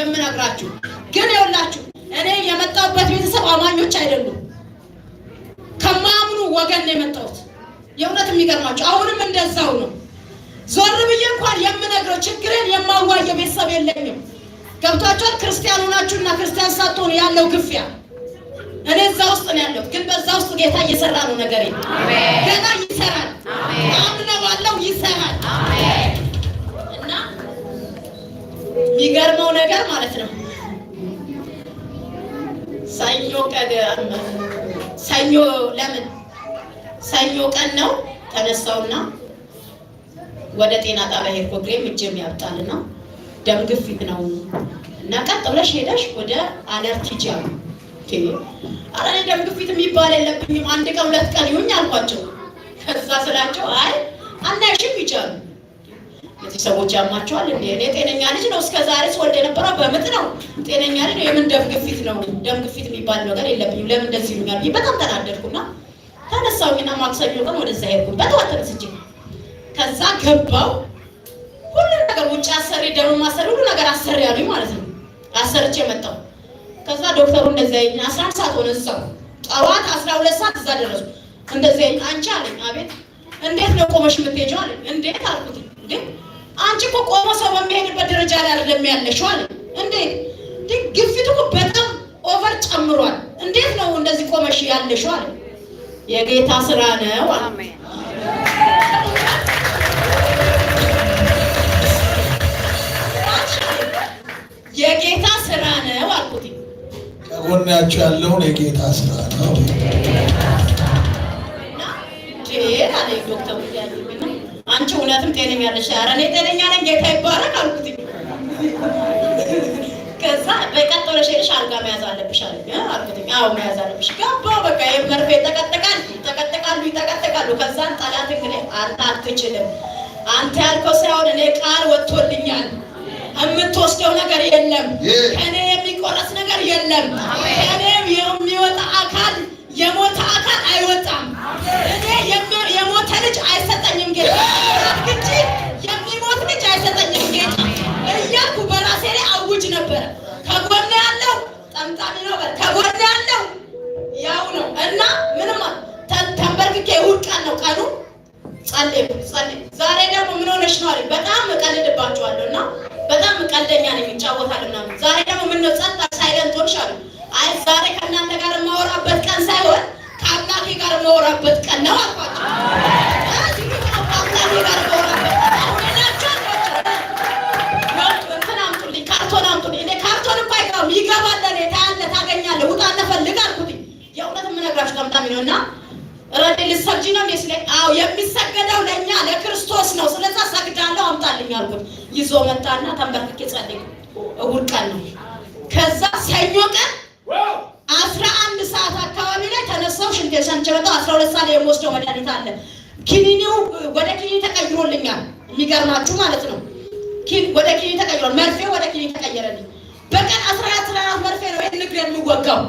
የምነግራችሁ ግን ይኸውላችሁ እኔ የመጣሁበት ቤተሰብ አማኞች አይደሉም። ከማያምኑ ወገን ነው የመጣሁት። የእውነት የሚገርማችሁ አሁንም እንደዛው ነው። ዞር ብዬ እንኳን የምነግረው ችግሬን የማዋየው ቤተሰብ የለኝም። ገብቷችኋል? ክርስቲያን ሆናችሁና ክርስቲያን ሳትሆኑ ያለው ግፊያ እኔ እዛ ውስጥ ነው ያለሁት። ግን በዛ ውስጥ ጌታ እየሰራ ነው ነገሬ ገና ይሰራል። አምነዋለሁ ይሰራል። የሚገርመው ነገር ማለት ነው ሰኞ ቀን ሰኞ ለምን ሰኞ ቀን ነው ተነሳውና ወደ ጤና ጣቢያ ሄድኩ። እግሬም እጄም ያብጣል እና ደም ግፊት ነው እና ቀጥ ብለሽ ሄደሽ ወደ አለርት ሂጂ አሉ። ኧረ እኔ ደም ግፊት የሚባል የለብኝም አንድ ቀን ሁለት ቀን ይሁኝ አልኳቸው። ከዛ ስላቸው አይ አናይሽም ይቻሉ ቤተሰቦች ያማቸዋል። እንደ እኔ ጤነኛ ልጅ ነው እስከ ዛሬ ስወልድ የነበረው በምጥ ነው። ጤነኛ ልጅ ነው። የምን ደም ግፊት ነው? ደም ግፊት የሚባል ነገር የለብኝም። ለምን እንደዚህ ይሉኛል? በጣም ተናደድኩና ተነሳሁኝና ማክሰኞ ቀን ወደዛ ሄድኩኝ። በጠዋት ተነስቼ ከዛ ገባው ሁሉ ነገር ውጭ አሰሪ፣ ደም ማሰሪ፣ ሁሉ ነገር አሰሪ ያሉኝ ማለት ነው። አሰርቼ መጣው። ከዛ ዶክተሩ እንደዛ ይኝ አስራ አንድ ሰዓት ሆነ እዛው ጠዋት አስራ ሁለት ሰዓት እዛ ደረሱ። እንደዛ ይኝ አንቺ አለኝ። አቤት እንዴት ነው ቆመሽ የምትሄጂው አለኝ። እንዴት አልኩት ግን አንቺ እኮ ቆሞ ሰው በሚሄድበት ደረጃ ላይ አይደለም ያለሽው አለ። እንዴት ግፊት እኮ በጣም ኦቨር ጨምሯል። እንዴት ነው እንደዚህ ቆመሽ ያለሽው አለ። የጌታ ስራ ነው አለ። የጌታ ስራ ነው አልኩት። ከጎናችሁ ያለውን የጌታ ስራ ነው አንቺ እውነትም ጤነኛ ያለሽ? ኧረ እኔ ጤነኛ ነኝ ጌታ ይባረክ አልኩት። ከዛ በቀጠለሽ ሄደሽ አልጋ መያዝ አለብሽ አለ አልኩት። አዎ መያዝ አለብሽ። ገባሁ በቃ የመርፌ ይጠቀጠቃል ይጠቀጠቃሉ ይጠቀጠቃሉ። ከዛን ጠላት እንግዲህ አንተ አትችልም፣ አንተ ያልከው ሳይሆን እኔ ቃል ወጥቶልኛል የምትወስደው ነገር የለም። ከእኔ የሚቆረስ ነገር የለም። ከእኔ የሚወጣ አካል የሞተ አካል አይወጣም። እኔ የሞተ ከጎን ያለው ያው ነው እና ምንም ተንበርክኬ እሑድ ቀን ነው ቀኑ ጸለይ ጸለይ። ዛሬ ደግሞ ምን ሆነሽ ነው አለኝ። በጣም እቀልድባቸዋለሁ እና በጣም ቀልደኛ ነኝ፣ ይጫወታል ምናምን። ዛሬ ደግሞ ምን ነው ጸጥ ሳይለንት ሆንሽ አለኝ። አይ ዛሬ ከእናንተ ጋር የማወራበት ቀን ሳይሆን ከአምላኬ ጋር የማወራበት ቀን ነው ተብላችሁ ተምታሚ ነው እና ረዴ ልትሰግጂ ነው ሲለኝ፣ አዎ የሚሰገደው ለእኛ ለክርስቶስ ነው። ስለዛ ሰግዳለሁ አምጣልኝ አልኩት። ይዞ መጣና ተንበርክኬ ጸለይኩ። እሑድ ቀን ነው። ከዛ ሰኞ ቀን አስራ አንድ ሰዓት አካባቢ ላይ ተነሳው ሽንቴን ሸንቼ መጣሁ። አስራ ሁለት ሰዓት የምወስደው መድኃኒት አለ። ኪኒኒው ወደ ኪኒ ተቀይሮልኛል። የሚገርማችሁ ማለት ነው ወደ ኪኒ ተቀይሯል። መርፌ ወደ ኪኒ ተቀየረልኝ። በቀን አስራ አራት መርፌ ነው ይህን እግሬ የምወጋው።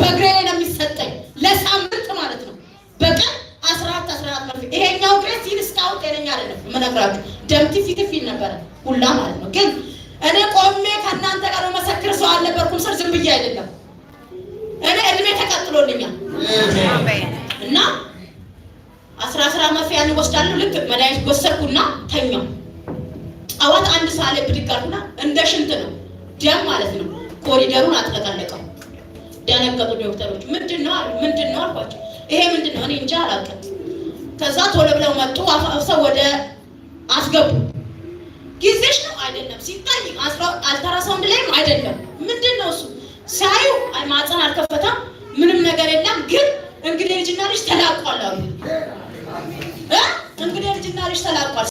በእግሬ ነው የሚሰጠኝ ለሳምንት ማለት ነው። በቀን አስራ አራት አስራ አራት መርፌ ይሄኛው ግሬስ ይህን እስካሁን ጤነኛ አይደለም የምነግራችሁ። ደም ትፊት ፊል ነበረ ሁላ ማለት ነው። ግን እኔ ቆሜ ከእናንተ ጋር መሰክር ሰው አልነበርኩም። ስር ዝም ብዬ አይደለም እኔ እድሜ ተቀጥሎልኛል እና አስራ አስራ መርፌ ያን ወስዳለሁ። ልክ መድኃኒት ወሰድኩና ተኛው። ጠዋት አንድ ሰዓት ላይ ብድግ አልኩና እንደ ሽንት ነው ደም ማለት ነው። ኮሪደሩን አጥለቀለቀው። ያነገጡ ዶክተሮች ምንድን ነው አሉ። ምንድን ነው አልኳቸው። ይሄ ምንድን ነው እኔ እንጃ አላውቅም። ከዛ ቶሎ ብለው መጡ። አፈሰው ወደ አስገቡ። ጊዜሽ ነው አይደለም ሲታይ፣ አልትራሳውንድ ላይም አይደለም። ምንድን ነው እሱ ሲያዩ ማህፀን አልከፈተም፣ ምንም ነገር የለም። ግን እንግዲህ ልጅና ልጅ ተላቋል አሉ። እንግዲህ ልጅና ልጅ ተላቋል።